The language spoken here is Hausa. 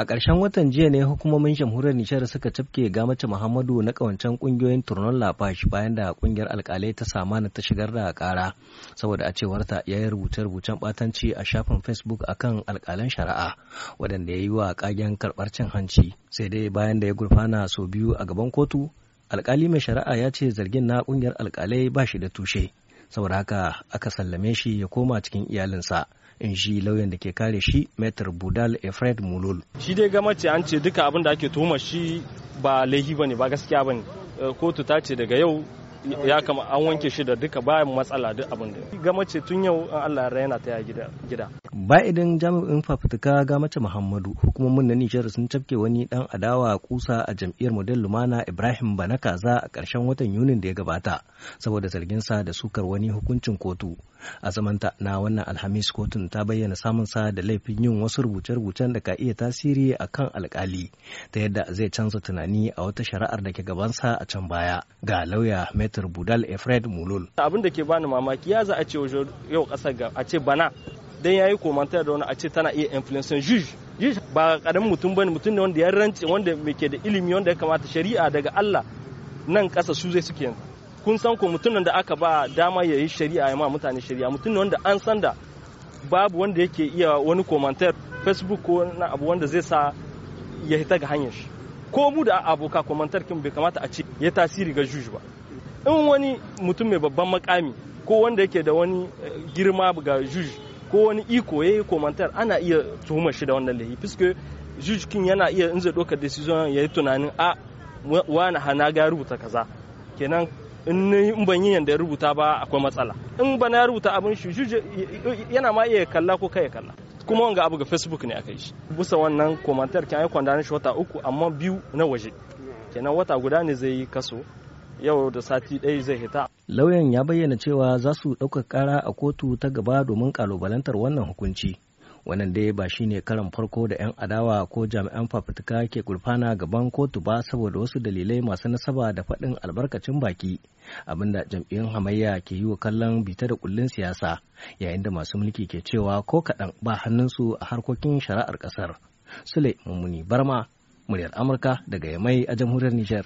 A ƙarshen watan jiya ne hukumomin jamhuriyar Nijar suka cafke gamace Muhammadu na ƙawancen ƙungiyoyin turnon lafashi, bayan da ƙungiyar alƙalai ta samana ta shigar da ƙara saboda a cewarta ya yi rubuce-rubucen ɓatanci a shafin Facebook akan alƙalan shari'a waɗanda ya yi wa ƙagen karɓar cin hanci sai dai bayan da ya gurfana sau biyu a gaban kotu alƙali mai shari'a ya ce zargin na ƙungiyar alƙalai ba shi da tushe saboda haka aka sallame shi ya koma cikin iyalinsa. in ji lauyan da ke kare shi Metar Budal Efred Mulol. Shi dai gamace an ce duka abin da ake tuhumar shi ba laihi bane ba gaskiya ba ne eh, Kotu ta ce daga yau ya kama an wanke shi da duka bayan matsala duk abin da gama ce tun yau an Allah raina ta ya gida ba idan jami'in fafutuka ga mace Muhammadu hukumomin na Nijar sun cafke wani dan adawa kusa a jam'iyyar Model Lumana Ibrahim Bana Kaza a ƙarshen watan Yunin da ya gabata saboda zargin sa da sukar wani hukuncin kotu a zamanta na wannan Alhamis kotun ta bayyana samun sa da laifin yin wasu rubuce-rubucen da ka iya tasiri a kan alkali ta yadda zai canza tunani a wata shari'ar da ke gabansa a can baya ga lauya Maitar Budal Efred Mulul. Abin da ke bani mamaki ya za a ce yau ƙasar ga a ce bana dan yayi komantar da wani a ce tana iya influence juge juge ba karamin mutum bane mutum ne wanda ya rance wanda ke da ilimi wanda ya kamata shari'a daga Allah nan kasa su zai suke yanzu kun san ko mutum da aka ba dama ya yi shari'a ya ma mutane shari'a mutum ne wanda an san da babu wanda yake iya wani komantar facebook ko na abu wanda zai sa ya hita ga hanyar shi ko mu da abokan komantar kin bai kamata a ce ya tasiri ga juju ba in wani mutum mai babban makami ko wanda yake da wani eh, girma ga juj ko wani iko ya yi komantar ana iya tuhumar shi da wannan laifi fiske juj kin yana iya in zai ɗauka decision ya yi tunanin a wani hana ga rubuta kaza kenan in ban yi yadda rubuta ba akwai matsala in ba na rubuta abin shi yana ma iya kalla ko kai kalla kuma wanga abu ga facebook ne aka yi shi bisa wannan komantar kyan yi kwandanin shi wata uku amma biyu na waje kenan wata guda ne zai yi kaso yau da sati ɗaya zai hita. Lauyan ya bayyana cewa za su ɗaukar ƙara a kotu ta gaba domin ƙalubalantar wannan hukunci. Wannan dai ba shi ne karan farko da 'yan adawa ko jami'an fafutuka ke gurfana gaban kotu ba saboda wasu dalilai masu nasaba da faɗin albarkacin baki abinda jam'iyyun hamayya ke yi wa kallon bita da kullun siyasa yayin da masu mulki ke cewa ko kaɗan ba hannunsu a harkokin shari'ar ƙasar. Sule Mummuni Barma, muryar Amurka daga Yamai a jamhuriyar Nijar.